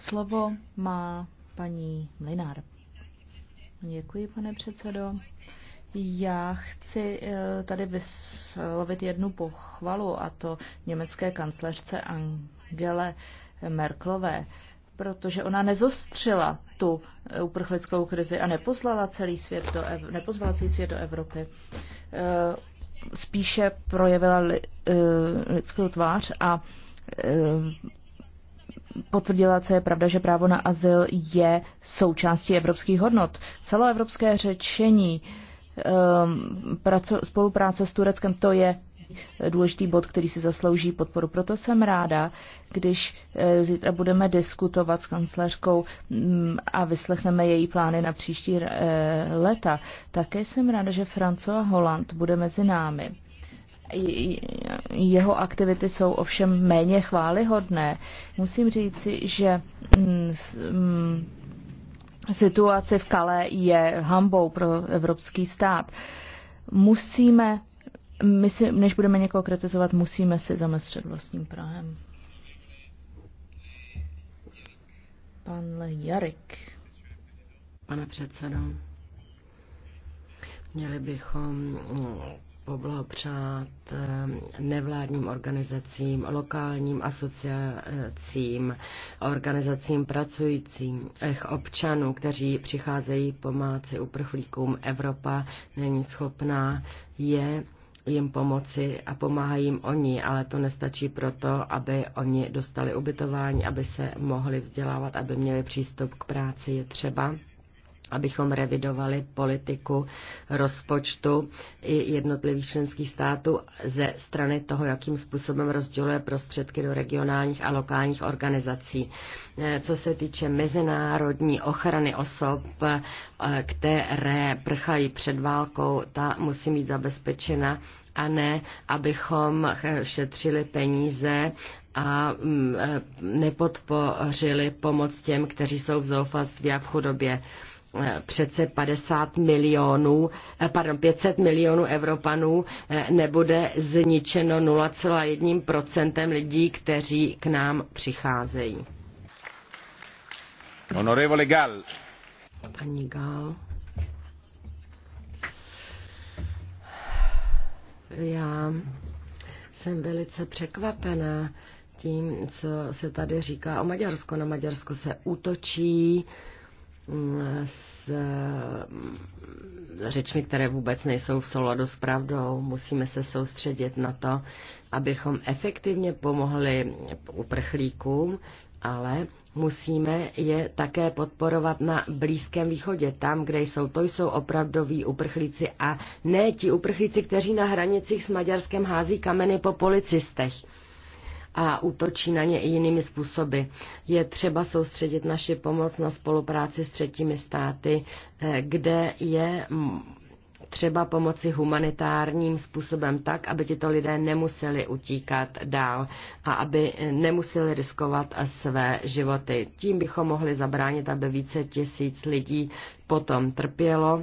Slovo má paní Mlinár. Děkuji, pane předsedo. Já chci eh, tady vyslovit jednu pochvalu, a to německé kancléřce Angele Merklové, protože ona nezostřila tu uprchlickou krizi a neposlala celý svět do Ev- nepozvala celý svět do Evropy. Eh, spíše projevila eh, lidskou tvář a potvrdila, co je pravda, že právo na azyl je součástí evropských hodnot. Celoevropské řečení ehm, spolupráce s Tureckem, to je důležitý bod, který si zaslouží podporu. Proto jsem ráda, když e, zítra budeme diskutovat s kancléřkou mm, a vyslechneme její plány na příští e, leta. Také jsem ráda, že a Holand bude mezi námi jeho aktivity jsou ovšem méně chválihodné. Musím říci, že mm, mm, situace v Kale je hambou pro evropský stát. Musíme, my si, než budeme někoho kritizovat, musíme si zamést před vlastním prahem. Pan Jarek. Pane předsedo, měli bychom poblahopřát eh, nevládním organizacím, lokálním asociacím, organizacím pracujícím, eh, občanů, kteří přicházejí pomáci uprchlíkům. Evropa není schopná je jim pomoci a pomáhají jim oni, ale to nestačí proto, aby oni dostali ubytování, aby se mohli vzdělávat, aby měli přístup k práci. Je třeba, abychom revidovali politiku rozpočtu i jednotlivých členských států ze strany toho, jakým způsobem rozděluje prostředky do regionálních a lokálních organizací. Co se týče mezinárodní ochrany osob, které prchají před válkou, ta musí být zabezpečena a ne, abychom šetřili peníze a mm, e, nepodpořili pomoc těm, kteří jsou v zoufalství a v chudobě. Eh, přece 50 milionů, eh, pardon, 500 milionů Evropanů eh, nebude zničeno 0,1% lidí, kteří k nám přicházejí. Honorevole Gall. Paní Gall. Já jsem velice překvapená tím, co se tady říká o Maďarsku. Na Maďarsko se útočí, Eh, s řečmi, které vůbec nejsou v souladu s pravdou. Musíme se soustředit na to, abychom efektivně pomohli uprchlíkům, ale musíme je také podporovat na Blízkém východě, tam, kde jsou. To jsou opravdoví uprchlíci a ne ti uprchlíci, kteří na hranicích s Maďarskem hází kameny po policistech a útočí na ně i jinými způsoby. Je třeba soustředit naši pomoc na spolupráci s třetími státy, eh, kde je třeba pomoci humanitárním způsobem tak, aby tito lidé nemuseli utíkat dál a aby eh, nemuseli riskovat své životy. Tím bychom mohli zabránit, aby více tisíc lidí potom trpělo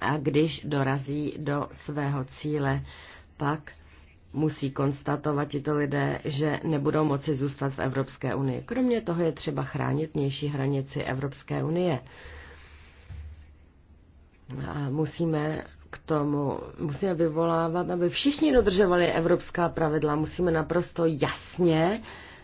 a když dorazí do svého cíle, pak musí konstatovat tito lidé, že nebudou moci zůstat v Evropské unii. Kromě toho je třeba chránit vnější hranici Evropské unie. A musíme k tomu, musíme vyvolávat, aby všichni dodržovali evropská pravidla. Musíme naprosto jasně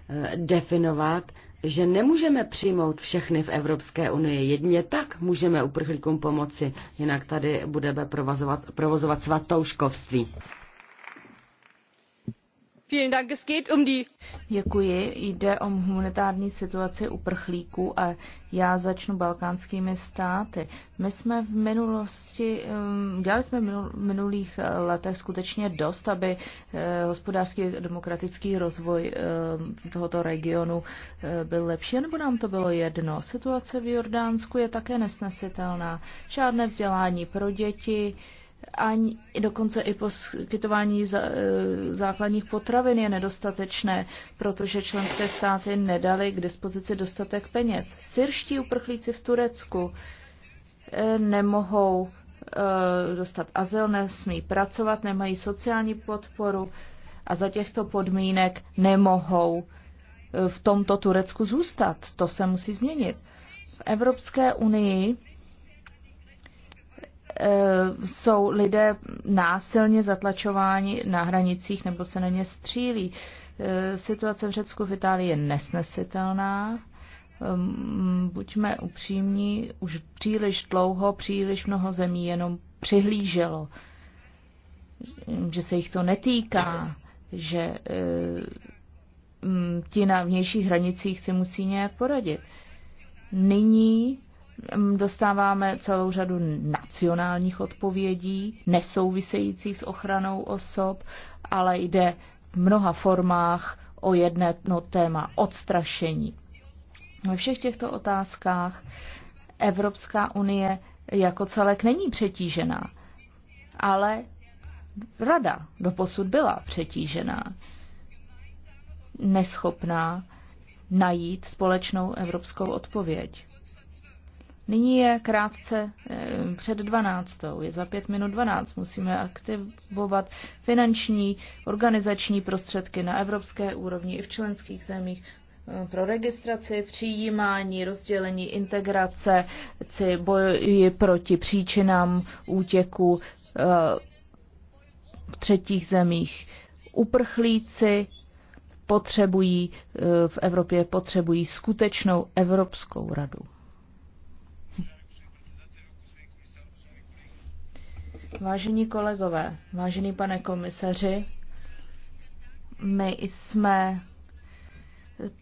eh, definovat, že nemůžeme přijmout všechny v Evropské unii. Jedně tak můžeme uprchlíkům pomoci, jinak tady budeme provozovat, provozovat svatouškovství. Um Děkuji. Jde o humanitární situaci uprchlíků a já začnu balkánskými státy. My jsme v minulosti, um, dělali jsme v minulých eh, letech skutečně dost, aby eh, hospodářský a demokratický rozvoj eh, tohoto regionu byl lepší, nebo nám to bylo jedno. Situace v Jordánsku je také nesnesitelná. Žádné vzdělání pro děti, ani dokonce i poskytování za, e, základních potravin je nedostatečné, protože členské státy nedali, k dispozici dostatek peněz. Syrští uprchlíci v Turecku e, nemohou e, dostat azyl, nesmí pracovat, nemají sociální podporu a za těchto podmínek nemohou v tomto Turecku zůstat. To se musí změnit. V Evropské unii Eh, jsou lidé násilně zatlačováni na hranicích nebo se na ně střílí. Eh, situace v Řecku v Itálii je nesnesitelná. Ehm, buďme upřímní, už příliš dlouho, příliš mnoho zemí jenom přihlíželo, že se jich to netýká, že eh, ti na vnějších hranicích si musí nějak poradit. Nyní Dostáváme celou řadu nacionálních odpovědí, nesouvisejících s ochranou osob, ale jde v mnoha formách o jedno téma odstrašení. Ve všech těchto otázkách Evropská unie jako celek není přetížená, ale rada doposud byla přetížená, neschopná najít společnou evropskou odpověď. Nyní je krátce eh, před 12. Je za 5 minut 12. Musíme aktivovat finanční, organizační prostředky na evropské úrovni i v členských zemích eh, pro registraci, přijímání, rozdělení, integrace, boji proti příčinám útěku eh, v třetích zemích. Uprchlíci potřebují v Evropě potřebují skutečnou Evropskou radu. Vážení kolegové, vážený pane komisaři, my jsme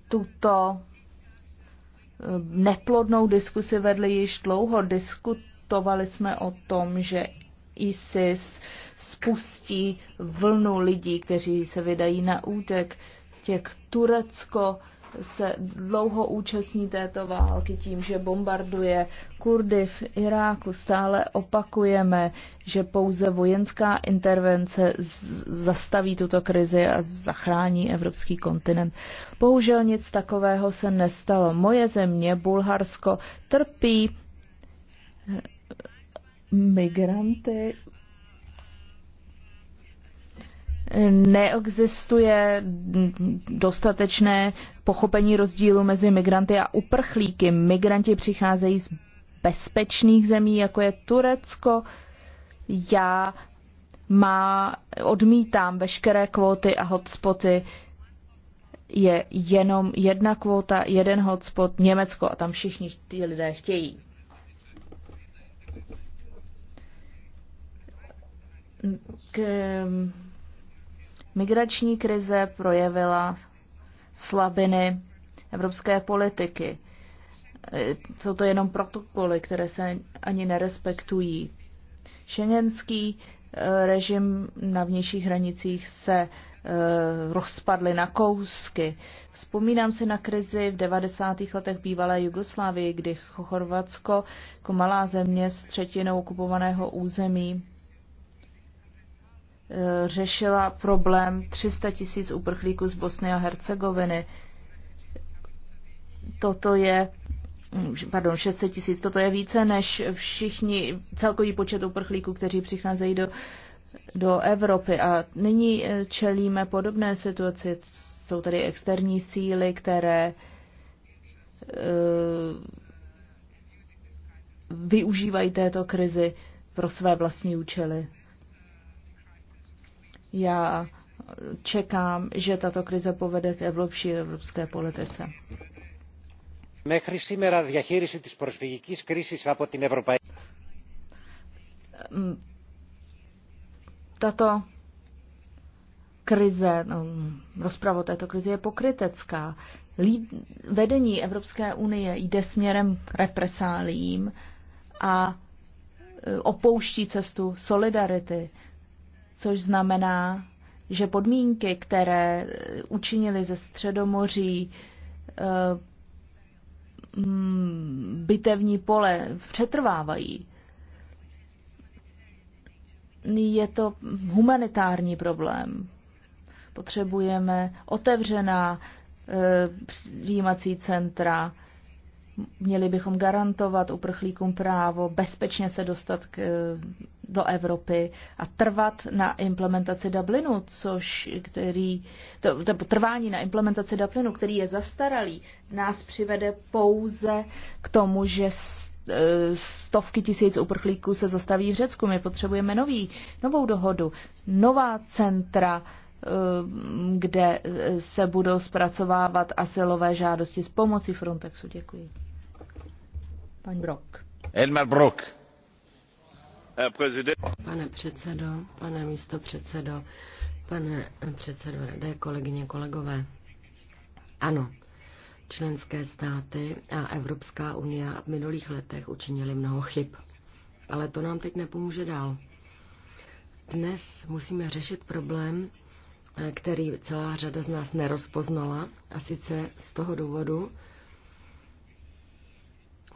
tuto eh, neplodnou diskusi vedli již dlouho. Diskutovali jsme o tom, že ISIS spustí vlnu lidí, kteří se vydají na útek. Těch Turecko se dlouho účastní této války tím, že bombarduje Kurdy v Iráku. Stále opakujeme, že pouze vojenská intervence zastaví tuto krizi a zachrání evropský kontinent. Bohužel nic takového se nestalo. Moje země, Bulharsko, trpí migranty neexistuje dostatečné pochopení rozdílu mezi migranty a uprchlíky. Migranti přicházejí z bezpečných zemí, jako je Turecko. Já má, odmítám veškeré kvóty a hotspoty. Je jenom jedna kvóta, jeden hotspot, Německo a tam všichni ty lidé chtějí. K, Migrační krize projevila slabiny evropské politiky. Jsou to jenom protokoly, které se ani nerespektují. Schengenský eh, režim na vnějších hranicích se eh, rozpadly na kousky. Vzpomínám si na krizi v 90. letech bývalé Jugoslávie, kdy Chorvatsko jako malá země s třetinou okupovaného území Eh, řešila problém 300 tisíc uprchlíků z Bosny a Hercegoviny. Toto je mm, pardon, 600 tisíc, toto je více než všichni, celkový počet uprchlíků, kteří přicházejí do, do Evropy. A nyní eh, čelíme podobné situaci. Jsou tady externí síly, které eh, využívají této krizi pro své vlastní účely. Já čekám, že tato krize povede k evropší evropské politice. Μέχρι σήμερα διαχείριση της προσφυγικής κρίσης από την Ευρωπαϊκή. Tato krize, no, rozprava této krize je pokrytecká. vedení Evropské unie jde směrem k represálím a e, opouští cestu solidarity, což znamená, že podmínky, které eh, učinili ze Středomoří eh, mm, bitevní pole, přetrvávají. Je to humanitární problém. Potřebujeme otevřená eh, přijímací centra, Měli bychom garantovat uprchlíkům právo bezpečně se dostat k, eh, do Evropy a trvat na implementaci Dublinu, což který, to, to trvání na implementaci Dublinu, který je zastaralý, nás přivede pouze k tomu, že eh, stovky tisíc uprchlíků se zastaví v Řecku. My potřebujeme nový, novou dohodu, nová centra, eh, kde se budou zpracovávat asilové žádosti s pomocí Frontexu. Děkuji. Pan Brok. Brok. Pane předsedo, pane místo předsedo, pane předsedo rady, kolegyně, kolegové. Ano, členské státy a Evropská unie v minulých letech učinili mnoho chyb. Ale to nám teď nepomůže dál. Dnes musíme řešit problém, eh, který celá řada z nás nerozpoznala, a sice z toho důvodu,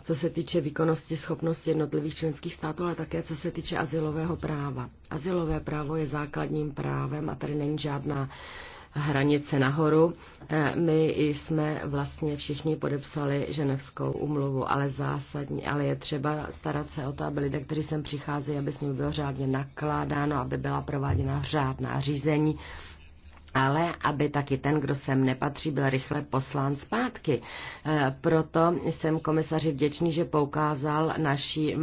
co se týče výkonnosti schopnosti jednotlivých členských států, ale také co se týče asilového práva. Asilové právo je základním právem a tady není žádná hranice nahoru. Eh, my jsme vlastně všichni podepsali ženevskou umluvu, ale zásadní, ale je třeba starat se o to, aby lidé, kteří sem přicházejí, aby s nimi bylo řádně nakládáno, aby byla prováděna řádná řízení, ale aby taky ten, kdo sem nepatří, byl rychle poslán zpátky. E, proto jsem komisaři vděčný, že poukázal naší,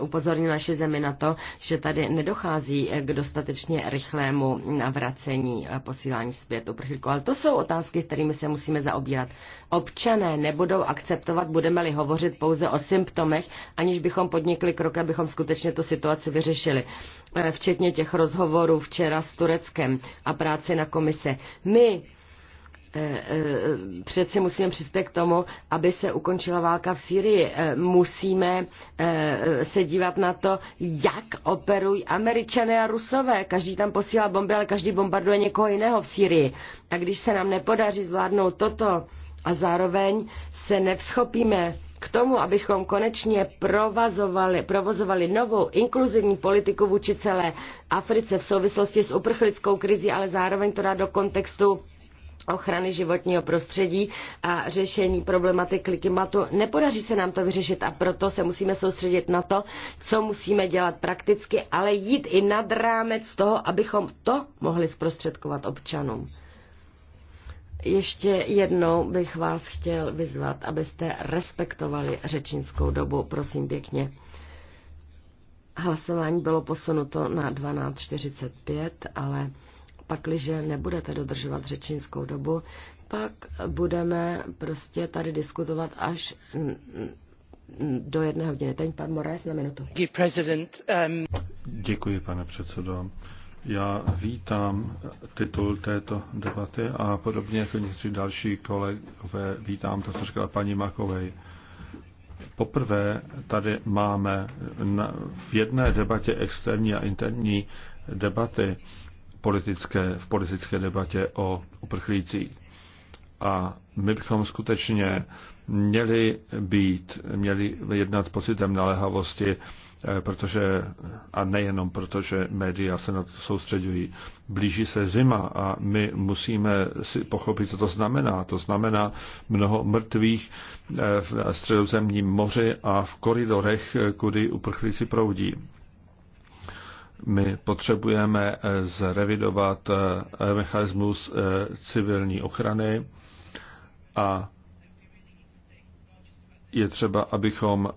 upozornil naši zemi na to, že tady nedochází k dostatečně rychlému navracení posílání zpět uprchlíků. Ale to jsou otázky, kterými se musíme zaobírat. Občané nebudou akceptovat, budeme-li hovořit pouze o symptomech, aniž bychom podnikli krok, abychom skutečně tu situaci vyřešili. Eh, včetně těch rozhovorů včera s Tureckem a práce na komise. My eh, eh, přeci musíme přispět k tomu, aby se ukončila válka v Sýrii. Musíme se dívat na to, jak operují američané a rusové. Každý tam posílá bomby, ale každý bombarduje někoho jiného v Sýrii. A když se nám nepodaří zvládnout toto a zároveň se nevschopíme k tomu, abychom konečně provazovali, provozovali novou inkluzivní politiku vůči celé Africe v souvislosti s uprchlickou krizí, ale zároveň to dá do kontextu ochrany životního prostředí a řešení problematiky klimatu. Nepodaří se nám to vyřešit a proto se musíme soustředit na to, co musíme dělat prakticky, ale jít i nad rámec toho, abychom to mohli zprostředkovat občanům. Ještě jednou bych vás chtěl vyzvat, abyste respektovali řečnickou dobu, prosím pěkně. Hlasování bylo posunuto na 12.45, ale pakliže nebudete dodržovat řečnickou dobu, pak budeme prostě tady diskutovat až do jedné hodiny. Teď pan Moraes na minutu. Děkuji, um, pane předsedo. Já vítám titul této debaty a podobně jako někteří další kolegové vítám to, co říkala paní Makovej. Poprvé tady máme na, v jedné debatě externí a interní debaty politické, v politické debatě o uprchlících. A my bychom skutečně měli být, měli jednat s pocitem naléhavosti, Eh, protože, a nejenom protože média se na to soustředují. Blíží se zima a my musíme si pochopit, co to znamená. To znamená mnoho mrtvých eh, v středozemním moři a v koridorech, eh, kudy uprchlíci proudí. My potřebujeme zrevidovat mechanismus civilní ochrany a je třeba, abychom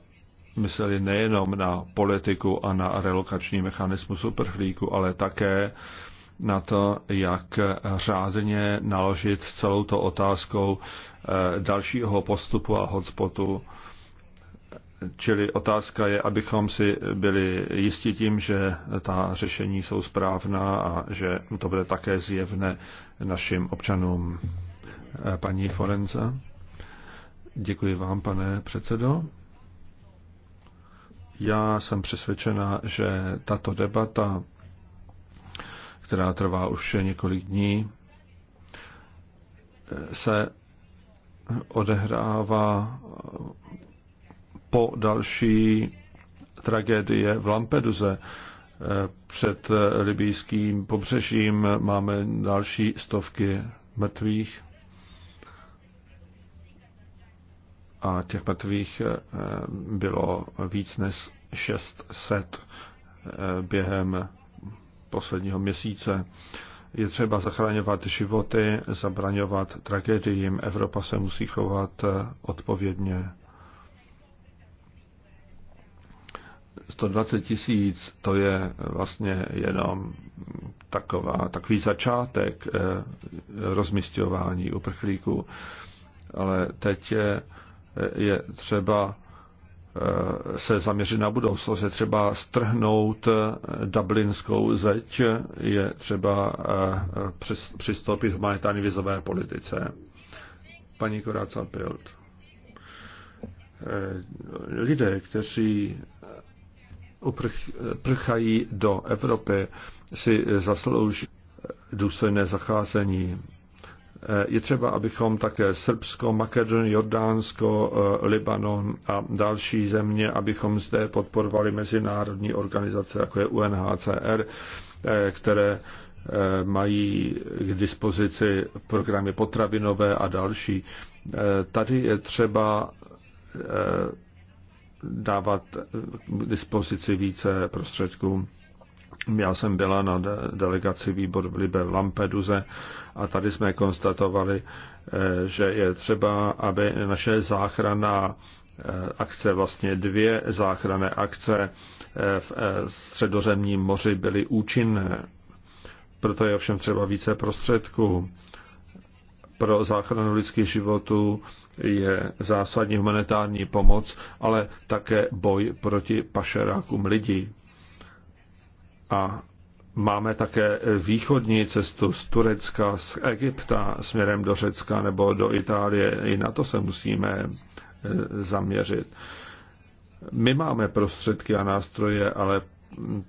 mysleli nejenom na politiku a na relokační mechanismus uprchlíku, ale také na to, jak řádně naložit celou to otázkou eh, dalšího postupu a hotspotu. Čili otázka je, abychom si byli jistí tím, že ta řešení jsou správná a že to bude také zjevné našim občanům. Eh, paní Forenza, děkuji vám, pane předsedo. Já jsem přesvědčena, že tato debata, která trvá už několik dní, se odehrává po další tragédie v Lampeduze. Před libýským pobřežím máme další stovky mrtvých. a těch mrtvých eh, bylo víc než 600 eh, během posledního měsíce. Je třeba zachraňovat životy, zabraňovat tragédiím. Evropa se musí chovat eh, odpovědně. 120 tisíc to je vlastně jenom taková, takový začátek rozmistování uprchlíků, ale teď je je třeba eh, se zaměřit na budoucnost, je třeba strhnout eh, dublinskou zeď, je třeba eh, přistoupit k humanitární vizové politice. Paní Koráca Pilt. Lidé, kteří prchají do Evropy, si zaslouží důstojné zacházení je třeba, abychom také Srbsko, Makedon, Jordánsko, eh, Libanon a další země, abychom zde podporovali mezinárodní organizace, jako je UNHCR, eh, které eh, mají k dispozici programy potravinové a další. Tady je třeba dávat k dispozici více prostředků. Já jsem byla na delegaci výbor v Libe v Lampeduze a tady jsme konstatovali, eh, že je třeba, aby naše záchrana eh, akce, vlastně dvě záchranné akce eh, v středozemním moři byly účinné. Proto je ovšem třeba více prostředků. Pro záchranu lidských životů je zásadní humanitární pomoc, ale také boj proti pašerákům lidí a máme také východní cestu z Turecka, z Egypta směrem do Řecka nebo do Itálie. I na to se musíme eh, zaměřit. My máme prostředky a nástroje, ale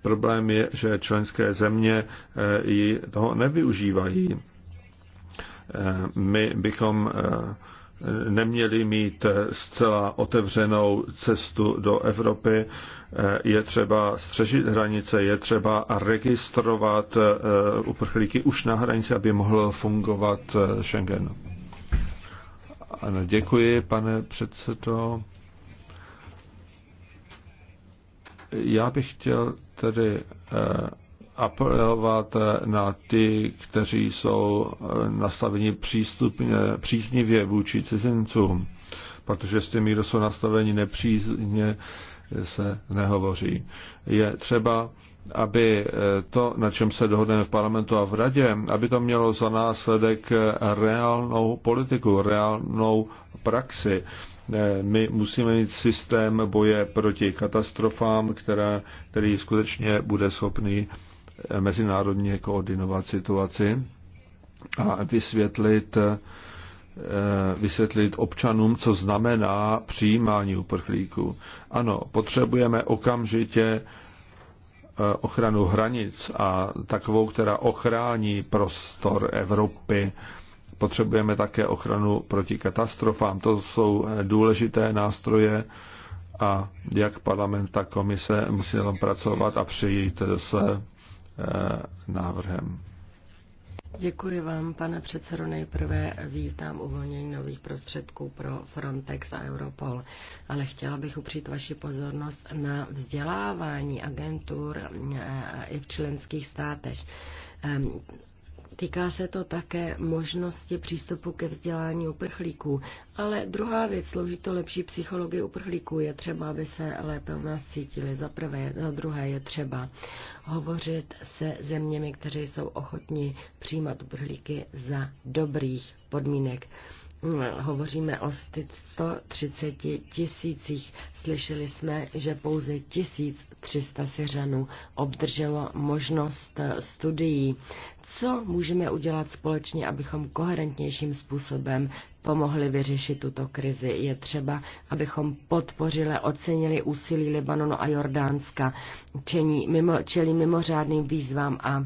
problém je, že členské země eh, toho nevyužívají. Eh, my bychom neměli mít zcela otevřenou cestu do Evropy. Je třeba střežit hranice, je třeba registrovat eh, uprchlíky už na hranici, aby mohl fungovat eh, Schengen. Ano, děkuji, pane předsedo. Já bych chtěl tedy eh, apelovat na ty, kteří jsou eh, nastaveni přístupně, příznivě vůči cizincům, protože s těmi, kdo jsou nastaveni nepřízně, se nehovoří. Je třeba, aby eh, to, na čem se dohodneme v parlamentu a v radě, aby to mělo za následek reálnou politiku, reálnou praxi. Eh, my musíme mít systém boje proti katastrofám, která, který skutečně bude schopný mezinárodně koordinovat situaci a vysvětlit, eh, vysvětlit občanům, co znamená přijímání uprchlíků. Ano, potřebujeme okamžitě eh, ochranu hranic a takovou, která ochrání prostor Evropy. Potřebujeme také ochranu proti katastrofám. To jsou eh, důležité nástroje a jak parlament, tak komise musí tam pracovat a přijít s Eh, návrhem. Děkuji vám, pane předsedo. Nejprve vítám uvolnění nových prostředků pro Frontex a Europol, ale chtěla bych upřít vaši pozornost na vzdělávání agentur eh, i v členských státech Týká se to také možnosti přístupu ke vzdělání uprchlíků. Ale druhá věc, slouží to lepší psychologii uprchlíků, je třeba, aby se lépe u nás cítili. Za prvé, za druhé je třeba hovořit se zeměmi, kteří jsou ochotní přijímat uprchlíky za dobrých podmínek hovoříme o 130 tisících. Slyšeli jsme, že pouze 1300 seřanů obdrželo možnost eh, studií. Co můžeme udělat společně, abychom koherentnějším způsobem pomohli vyřešit tuto krizi? Je třeba, abychom podpořili, ocenili úsilí Libanonu a Jordánska, čelí mimo, čelí mimořádným výzvám a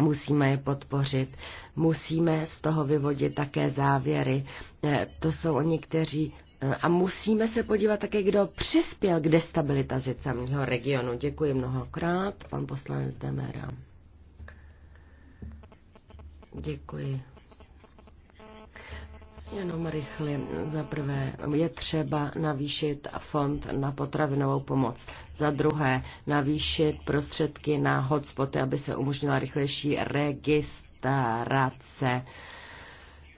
Musíme je podpořit, musíme z toho vyvodit také závěry. Eh, to jsou oni, kteří eh, a musíme se podívat také, kdo přispěl k destabilitaci samého regionu. Děkuji mnohokrát, pan poslanec Demera. Děkuji. Jenom rychle. Za prvé je třeba navýšit fond na potravinovou pomoc. Za druhé navýšit prostředky na hotspoty, aby se umožnila rychlejší registrace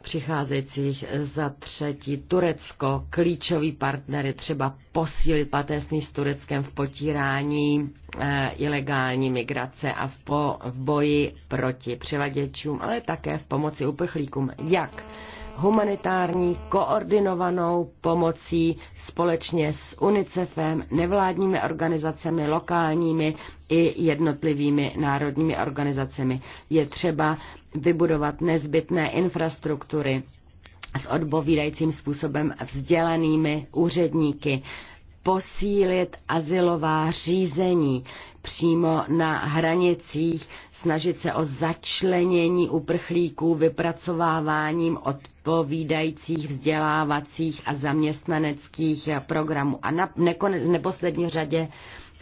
přicházejících za třetí Turecko, klíčový partnery, třeba posílit patenství s Tureckem v potírání e, ilegální migrace a v, po, v boji proti převaděčům, ale také v pomoci uprchlíkům. Jak? humanitární koordinovanou pomocí společně s UNICEFem, nevládními organizacemi, lokálními i jednotlivými národními organizacemi. Je třeba vybudovat nezbytné infrastruktury s odpovídajícím způsobem vzdělanými úředníky, posílit asilová řízení přímo na hranicích, snažit se o začlenění uprchlíků vypracováváním odpovídajících vzdělávacích a zaměstnaneckých programů. A na nekonec, neposlední řadě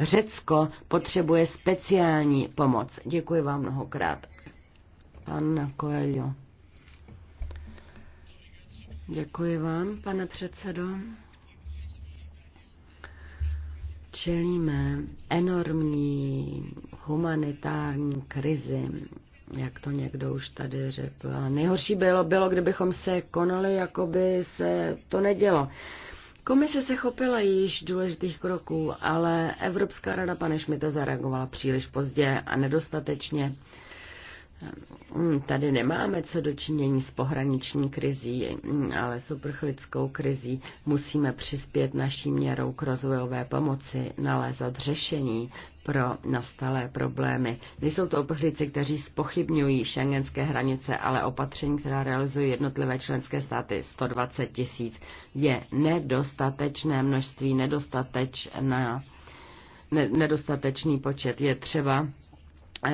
Řecko potřebuje speciální pomoc. Děkuji vám mnohokrát. Pan Coelho. Děkuji vám, pane předsedo čelíme enormní humanitární krizi, jak to někdo už tady řekl. A nejhorší bylo, bylo, kdybychom se konali, jako by se to nedělo. Komise se chopila již důležitých kroků, ale Evropská rada pane Šmita zareagovala příliš pozdě a nedostatečně. Tady nemáme co dočinění s pohraniční krizí, ale s uprchlickou krizí. Musíme přispět naší měrou k rozvojové pomoci, nalézat řešení pro nastalé problémy. Nejsou to uprchlíci, kteří spochybňují šengenské hranice, ale opatření, která realizují jednotlivé členské státy 120 tisíc, je nedostatečné množství, nedostatečná, ne, nedostatečný počet. Je třeba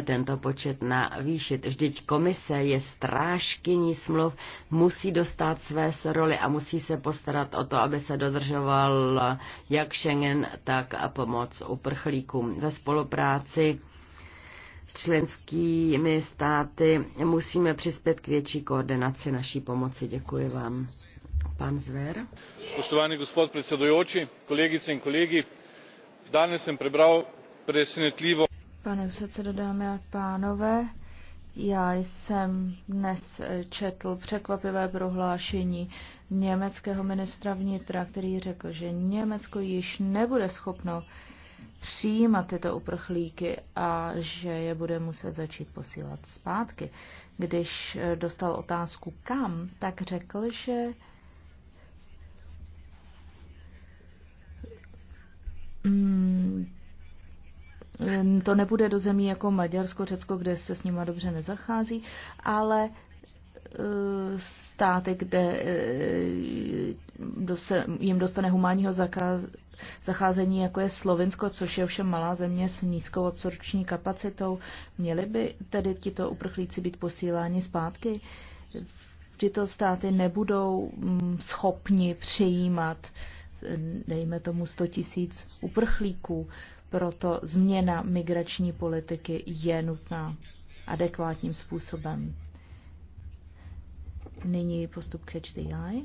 tento počet navýšit. Vždyť komise je strážkyní smluv, musí dostat své roli a musí se postarat o to, aby se dodržoval jak Schengen, tak a pomoc uprchlíkům. Ve spolupráci s členskými státy musíme přispět k větší koordinaci naší pomoci. Děkuji vám. Pan Zver. Poštovaný gospod predsedujoči, kolegice a kolegy, dnes jsem přebral presenetljivo Pane předsedo, dámy a pánové, já jsem dnes eh, četl překvapivé prohlášení německého ministra vnitra, který řekl, že Německo již nebude schopno přijímat tyto uprchlíky a že je bude muset začít posílat zpátky. Když eh, dostal otázku kam, tak řekl, že mm, to nebude do zemí jako Maďarsko, Řecko, kde se s nima dobře nezachází, ale e, státy, kde e, jim dostane humánního zacházení, jako je Slovinsko, což je ovšem malá země s nízkou absorpční kapacitou, měli by tedy tito uprchlíci být posíláni zpátky? Tyto státy nebudou mm, schopni přijímat, e, dejme tomu, 100 tisíc uprchlíků. Proto změna migrační politiky je nutná adekvátním způsobem. Nyní postup ke HDI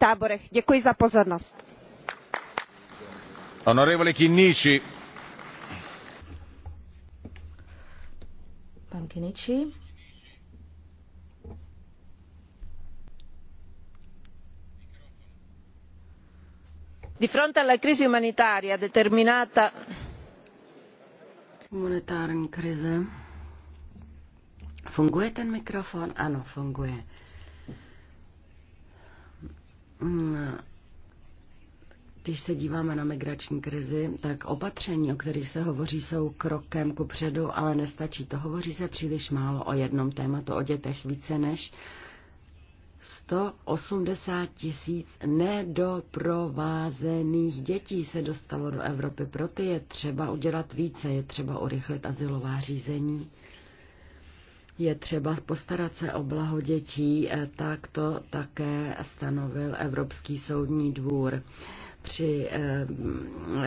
táborech. děkuji za pozornost. di fronte alla crisi umanitaria determinata humanitární krize funguje ten mikrofon ano funguje Mm, když se díváme na migrační krizi, tak opatření, o kterých se hovoří, jsou krokem ku předu, ale nestačí. To hovoří se příliš málo o jednom tématu, o dětech více než 180 tisíc nedoprovázených dětí se dostalo do Evropy. Proto je třeba udělat více, je třeba urychlit asilová řízení je třeba postarat se o blaho dětí, eh, tak to také stanovil Evropský soudní dvůr. Při eh,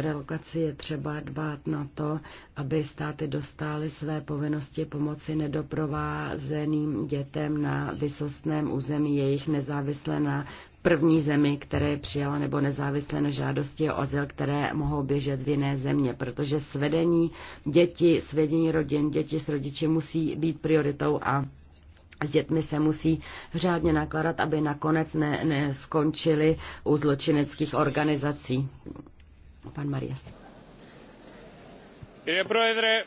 relokaci je třeba dbát na to, aby státy dostály své povinnosti pomoci nedoprovázeným dětem na vysostném území jejich nezávisle na první zemi, které přijala nebo nezávisle na žádosti o azyl, které mohou běžet v jiné země, protože svedení děti, svedení rodin, děti s rodiči musí být prioritou a s dětmi se musí řádně nakladat, aby nakonec ne, neskončili u zločineckých organizací. Pan Marias. Pane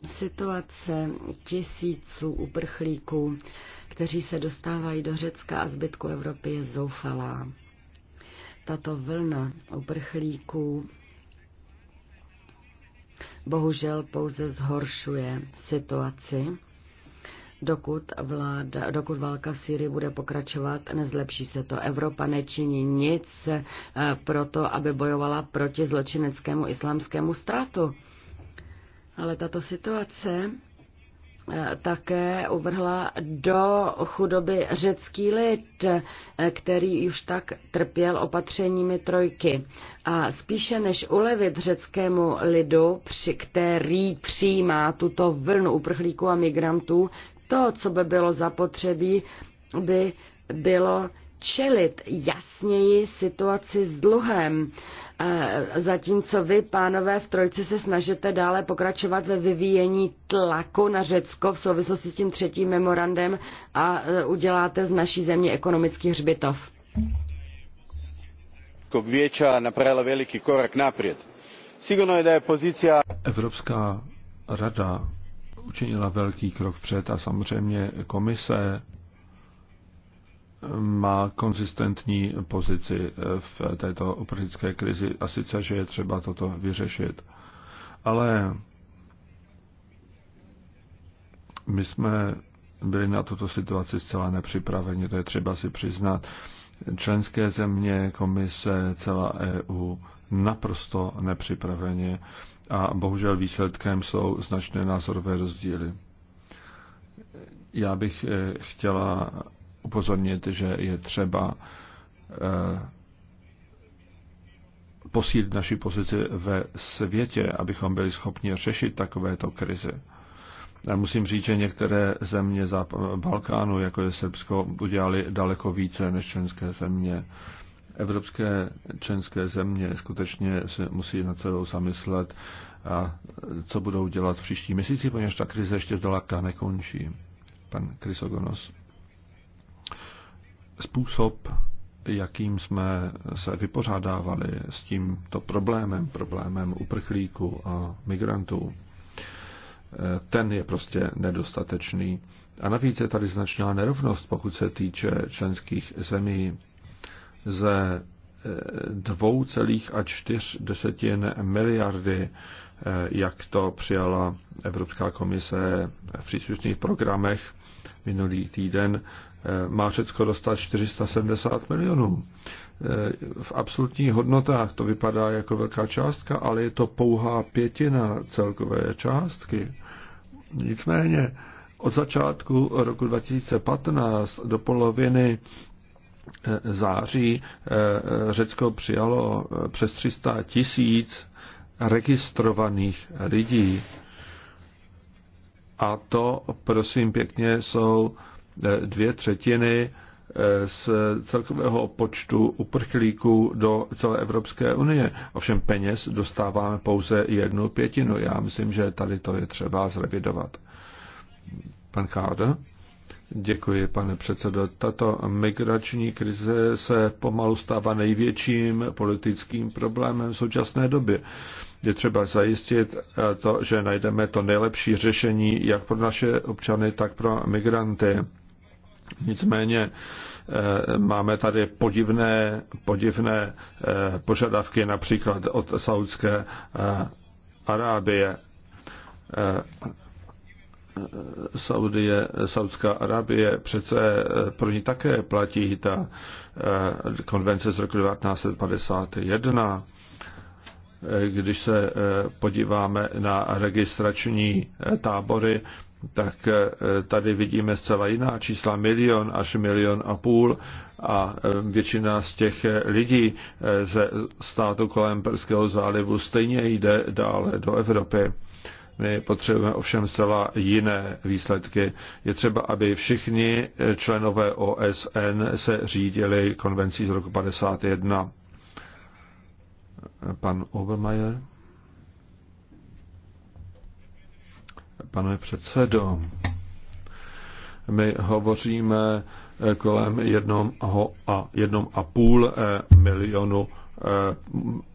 Situace tisíců uprchlíků, kteří se dostávají do Řecka a zbytku Evropy, je zoufalá. Tato vlna uprchlíků bohužel pouze zhoršuje situaci. Dokud, vláda, dokud válka v Syrii bude pokračovat, nezlepší se to. Evropa nečiní nic eh, pro to, aby bojovala proti zločineckému islámskému státu. Ale tato situace také uvrhla do chudoby řecký lid, který už tak trpěl opatřeními trojky. A spíše než ulevit řeckému lidu, při který přijímá tuto vlnu uprchlíků a migrantů, to, co by bylo zapotřebí, by bylo čelit jasněji situaci s dluhem, e, zatímco vy, pánové v Trojci, se snažíte dále pokračovat ve vyvíjení tlaku na Řecko v souvislosti s tím třetím memorandem a e, uděláte z naší země ekonomický hřbitov. Vijeća napravila veliki korak napřed. Sigurno je je Evropská rada učinila velký krok vpřed a samozřejmě komise má konzistentní pozici eh, v této uprchlické krizi a sice, že je třeba toto vyřešit. Ale my jsme byli na tuto situaci zcela nepřipraveni, to je třeba si přiznat. Členské země, komise, celá EU naprosto nepřipraveni a bohužel výsledkem jsou značné názorové rozdíly. Já bych eh, chtěla upozornit, že je třeba eh, posílit naši pozici ve světě, abychom byli schopni řešit takovéto krize. Já musím říct, že některé země za Balkánu, jako je Srbsko, udělali daleko více než členské země. Evropské členské země skutečně se musí nad sebou zamyslet, a co budou dělat v příští měsíci, poněvadž ta krize ještě zdaleka nekončí. Pan Krysogonos způsob, jakým jsme se vypořádávali s tímto problémem, problémem uprchlíků a migrantů, ten je prostě nedostatečný. A navíc je tady značná nerovnost, pokud se týče členských zemí. Ze 2,4 eh, desetin miliardy, eh, jak to přijala Evropská komise v příslušných programech, minulý týden, eh, má Řecko dostat 470 milionů. Eh, v absolutních hodnotách to vypadá jako velká částka, ale je to pouhá pětina celkové částky. Nicméně od začátku roku 2015 do poloviny eh, září Řecko přijalo přes 300 tisíc registrovaných lidí. A to, prosím pěkně, jsou eh, dvě třetiny eh, z celkového počtu uprchlíků do celé Evropské unie. Ovšem peněz dostáváme pouze jednu pětinu. Já myslím, že tady to je třeba zrevidovat. Pan Káda? Děkuji, pane předsedo. Tato migrační krize se pomalu stává největším politickým problémem v současné době. Je třeba zajistit to, že najdeme to nejlepší řešení jak pro naše občany, tak pro migranty. Nicméně eh, máme tady podivné, podivné eh, požadavky například od Saudské eh, Arábie Saudie, Saudská Arabie přece eh, pro ní také platí ta eh, konvence z roku 1951. Eh, když se podíváme na registrační tábory, tak tady vidíme zcela jiná čísla, milion až milion a půl a většina z těch lidí ze státu kolem Perského zálivu stejně jde dále do Evropy. My potřebujeme ovšem zcela jiné výsledky. Je třeba, aby všichni členové OSN se řídili konvencí z roku 51. Pan Obermeier. Pane předsedo, my hovoříme kolem jednoho a, jednom a půl eh, milionu eh,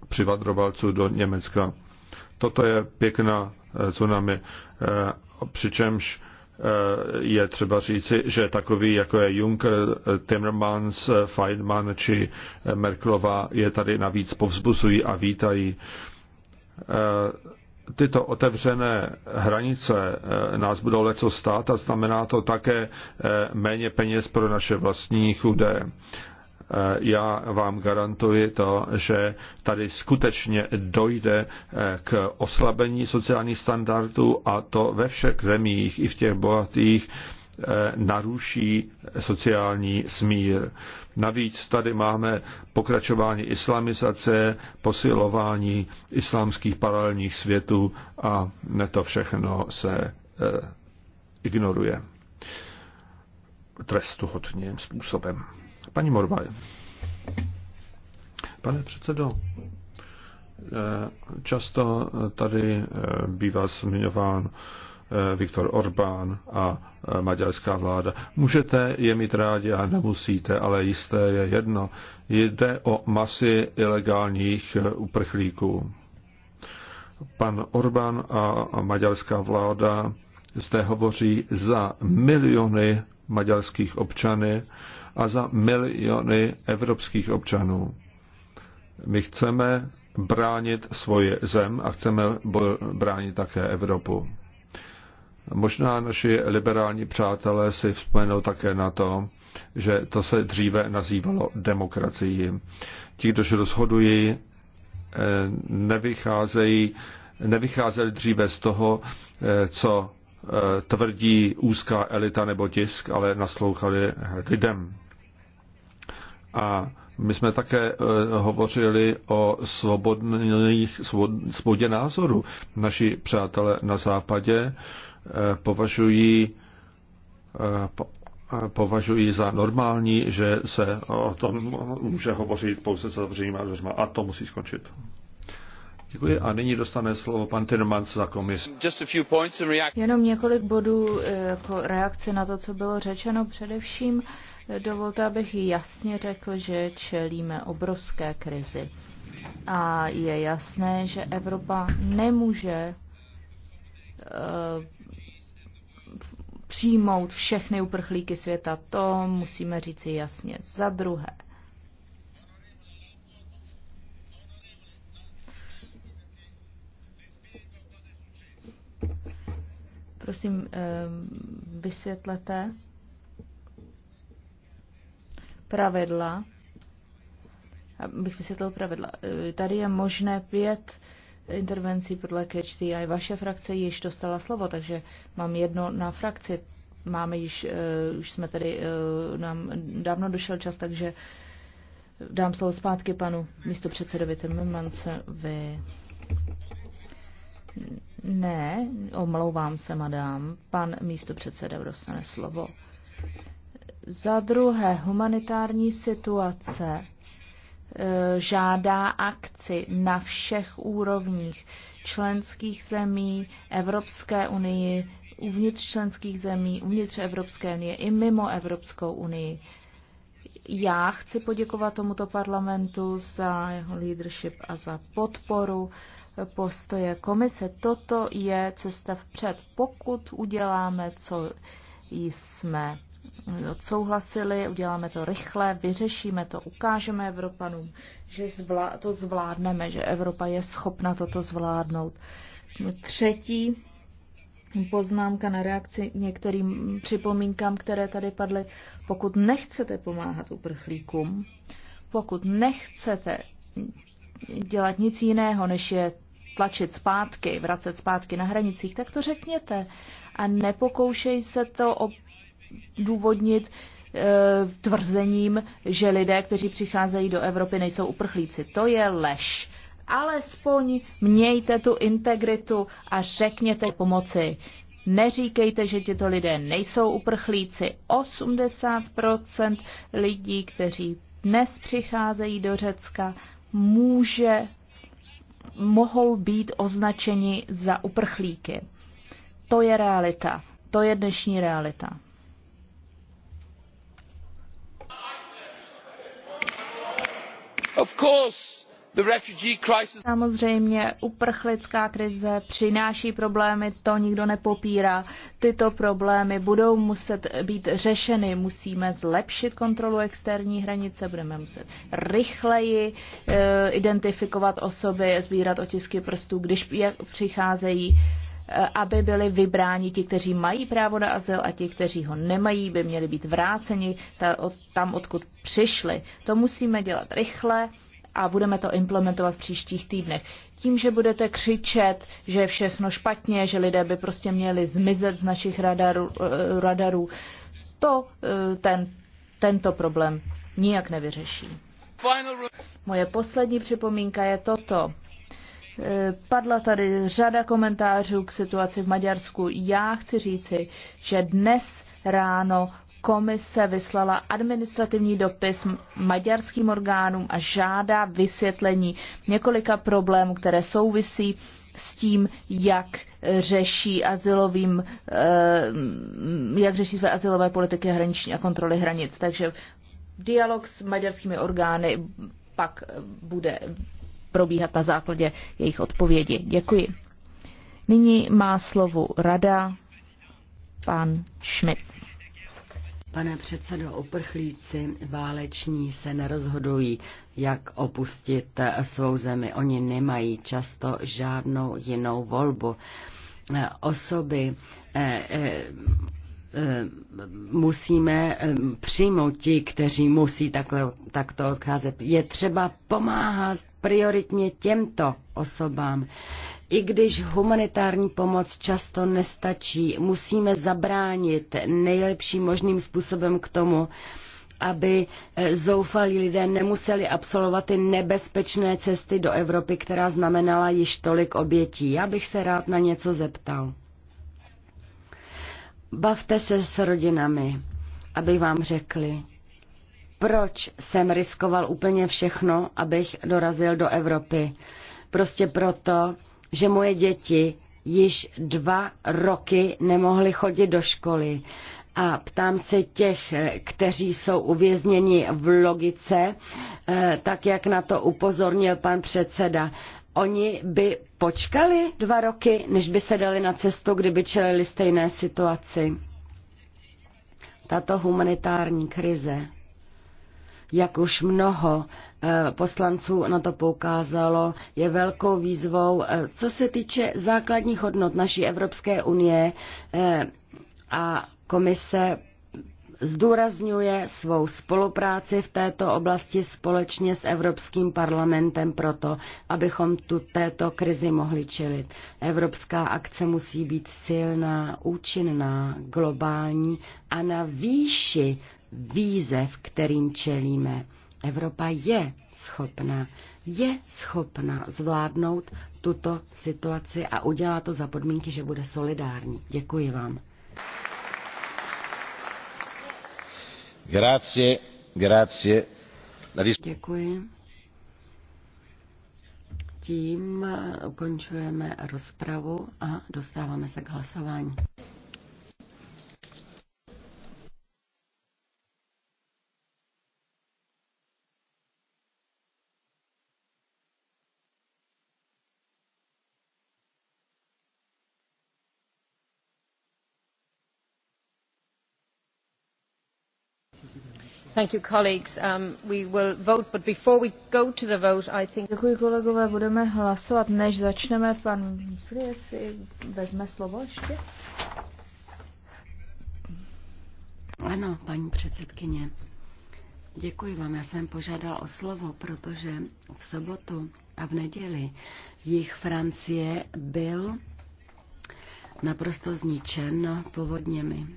přivadrovalců do Německa. Toto je pěkná Eh, tsunami. Eh, přičemž eh, je třeba říci, že takový jako je Juncker, Timmermans, Feynman či Merklova je tady navíc povzbuzují a vítají. Tyto otevřené hranice nás budou leco stát a znamená to také méně peněz pro naše vlastní chudé. Eh, já vám garantuji to, že tady skutečně dojde eh, k oslabení sociálních standardů a to ve všech zemích, i v těch bohatých, eh, naruší sociální smír. Navíc tady máme pokračování islamizace, posilování islámských paralelních světů a to všechno se ignoruje trestuhodným způsobem. Paní Morvaj. Pane předsedo, eh, často tady eh, bývá zmiňován eh, Viktor Orbán a maďarská vláda. Můžete je mít rádi a nemusíte, ale jisté je jedno. Jde o masy ilegálních uprchlíků. Pan Orbán a maďarská vláda zde hovoří za miliony maďarských občany, a za miliony evropských občanů. My chceme bránit svoje zem a chceme bránit také Evropu. Možná naši liberální přátelé si vzpomenou také na to, že to se dříve nazývalo demokracií. Ti, kdož rozhodují, eh, nevycházejí, nevycházeli dříve z toho, eh, co eh, tvrdí úzká elita nebo tisk, ale naslouchali lidem. A my jsme také eh, hovořili o svobodných, svobodě názoru. Naši přátelé na západě eh, považují eh, považují za normální, že se o tom může hovořit pouze za zavřenýma dveřma a to musí skončit. Děkuji a nyní dostane slovo pan Timmermans za komis. Jenom několik bodů jako reakce na to, co bylo řečeno především. Dovolte, abych jasně řekl, že čelíme obrovské krizi. A je jasné, že Evropa nemůže eh, přijmout všechny uprchlíky světa. To musíme říci jasně. Za druhé, prosím, eh, vysvětlete pravidla, abych vysvětlil pravidla, eh, tady je možné pět intervencí podle CatchCI. Vaše frakce již dostala slovo, takže mám jedno na frakci. Máme již, eh, už jsme tady, eh, nám dávno došel čas, takže dám slovo zpátky panu místopředsedovi Timmermansovi. Ne, omlouvám se, madám. Pan místopředseda dostane slovo. Za druhé, humanitární situace e, žádá akci na všech úrovních členských zemí, Evropské unii, uvnitř členských zemí, uvnitř Evropské unie i mimo Evropskou unii. Já chci poděkovat tomuto parlamentu za jeho leadership a za podporu postoje komise. Toto je cesta vpřed, pokud uděláme, co jsme odsouhlasili, uděláme to rychle, vyřešíme to, ukážeme Evropanům, že to zvládneme, že Evropa je schopna toto zvládnout. Třetí poznámka na reakci některým připomínkám, které tady padly. Pokud nechcete pomáhat uprchlíkům, pokud nechcete dělat nic jiného, než je tlačit zpátky, vracet zpátky na hranicích, tak to řekněte. A nepokoušej se to o důvodnit eh, tvrzením, že lidé, kteří přicházejí do Evropy, nejsou uprchlíci. To je lež. Alespoň mějte tu integritu a řekněte pomoci. Neříkejte, že těto lidé nejsou uprchlíci. 80% lidí, kteří dnes přicházejí do Řecka, může, mohou být označeni za uprchlíky. To je realita. To je dnešní realita. Samozřejmě uprchlická krize přináší problémy, to nikdo nepopírá. Tyto problémy budou muset být řešeny. Musíme zlepšit kontrolu externí hranice, budeme muset rychleji e, identifikovat osoby, sbírat otisky prstů, když je, přicházejí Eh, aby byli vybráni ti, kteří mají právo na azyl a ti, kteří ho nemají, by měli být vráceni tam, odkud přišli. To musíme dělat rychle a budeme to implementovat v příštích týdnech. Tím, že budete křičet, že je všechno špatně, že lidé by prostě měli zmizet z našich radarů, eh, radarů to eh, ten, tento problém nijak nevyřeší. Moje poslední připomínka je toto. Eh, padla tady řada komentářů k situaci v Maďarsku. Já chci říci, že dnes ráno komise vyslala administrativní dopis maďarským orgánům a žádá vysvětlení několika problémů, které souvisí s tím, jak řeší azylovým, eh, jak řeší své azylové politiky hraniční a kontroly hranic. Takže dialog s maďarskými orgány pak bude probíhat na základě jejich odpovědi. Děkuji. Nyní má slovo rada pan Schmidt. Pane předsedo, uprchlíci váleční se nerozhodují, jak opustit svou zemi. Oni nemají často žádnou jinou volbu. Osoby eh, eh, musíme eh, přijmout ti, kteří musí takto odcházet. Je třeba pomáhat prioritně těmto osobám. I když humanitární pomoc často nestačí, musíme zabránit nejlepším možným způsobem k tomu, aby eh, zoufalí lidé nemuseli absolvovat ty nebezpečné cesty do Evropy, která znamenala již tolik obětí. Já bych se rád na něco zeptal. Bavte se s rodinami, aby vám řekli, proč jsem riskoval úplně všechno, abych dorazil do Evropy? Prostě proto, že moje děti již dva roky nemohly chodit do školy. A ptám se těch, kteří jsou uvězněni v logice, eh, tak jak na to upozornil pan předseda. Oni by počkali dva roky, než by se dali na cestu, kdyby čelili stejné situaci. Tato humanitární krize jak už mnoho eh, poslanců na to poukázalo, je velkou výzvou. Eh, co se týče základních hodnot naší Evropské unie eh, a komise zdůrazňuje svou spolupráci v této oblasti společně s Evropským parlamentem proto, abychom tu této krizi mohli čelit. Evropská akce musí být silná, účinná, globální a na výši výzev, kterým čelíme. Evropa je schopna, je schopna zvládnout tuto situaci a udělá to za podmínky, že bude solidární. Děkuji vám. Grazie, grazie. Děkuji. Tím ukončujeme rozpravu a dostáváme se k hlasování. Děkuji kolegové, budeme hlasovat, než začneme. Pan Muslie vezme slovo ještě. Ano, paní předsedkyně. Děkuji vám. Já jsem požádal o slovo, protože v sobotu a v neděli jich Francie byl naprosto zničen povodněmi.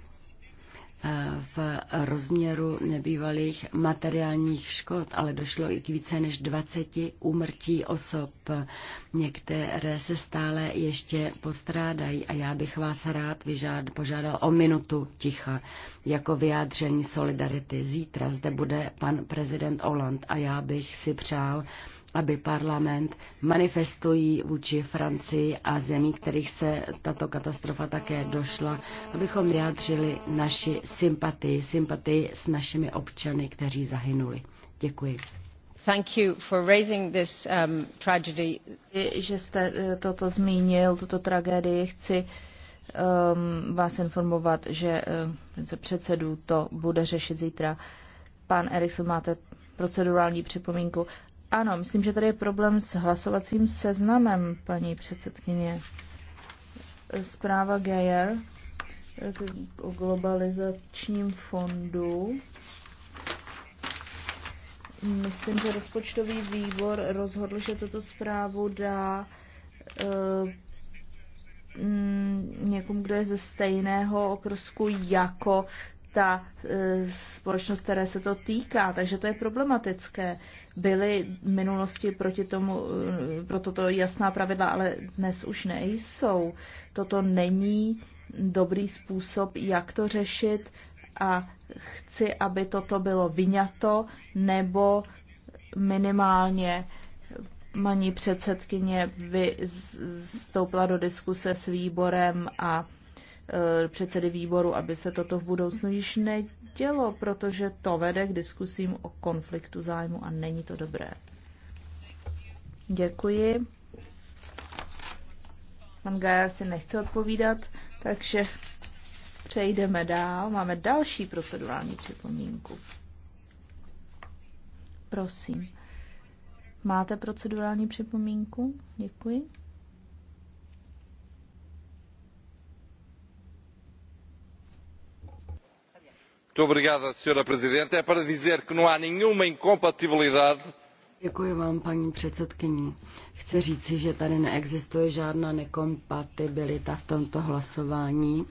Eh, v rozměru nebývalých materiálních škod, ale došlo i k více než 20 úmrtí osob. Některé se stále ještě postrádají a já bych vás rád vyžád, požádal o minutu ticha jako vyjádření solidarity. Zítra zde bude pan prezident Oland a já bych si přál, aby parlament manifestují vůči Francii a zemí, kterých se tato katastrofa také došla, abychom vyjádřili naši sympatii, sympatii s našimi občany, kteří zahynuli. Děkuji. Thank you for raising this um, tragedy. Že jste e, toto zmínil, tuto tragédii, chci um, vás informovat, že uh, e, předsedu to bude řešit zítra. Pan Erikson, máte procedurální připomínku. Ano, myslím, že tady je problém s hlasovacím seznamem, paní předsedkyně. Zpráva Geyer o globalizačním fondu. Myslím, že rozpočtový výbor rozhodl, že tuto zprávu dá eh, mm, někomu, kdo je ze stejného okrsku jako ta e, společnost, které se to týká, takže to je problematické. Byly v minulosti proti tomu, e, pro toto jasná pravidla, ale dnes už nejsou. Toto není dobrý způsob, jak to řešit a chci, aby toto bylo vyňato nebo minimálně maní předsedkyně vystoupila do diskuse s výborem a Eh, předsedy výboru, aby se toto v budoucnu již nedělo, protože to vede k diskusím o konfliktu zájmu a není to dobré. Děkuji. Pan Gajar si nechce odpovídat, takže přejdeme dál. Máme další procedurální připomínku. Prosím. Máte procedurální připomínku? Děkuji. senhora presidente é para dizer que não há nenhuma incompatibilidade. Děkuji vám, paní předsedkyní. Chci říci, že tady neexistuje žádná nekompatibilita v tomto hlasování,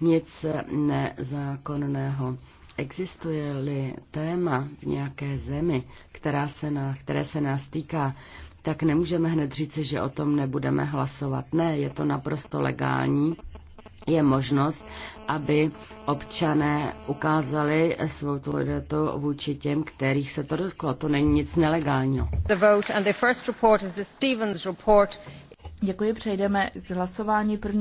nic nezákonného. Existuje-li téma v nějaké zemi, která se na, které se nás týká, tak nemůžeme hned říci, že o tom nebudeme hlasovat. Ne, je to naprosto legální je možnost, aby občané ukázali svou tolerantu vůči těm, kterých se to dotklo. To není nic nelegálního. Děkuji, přejdeme k hlasování. První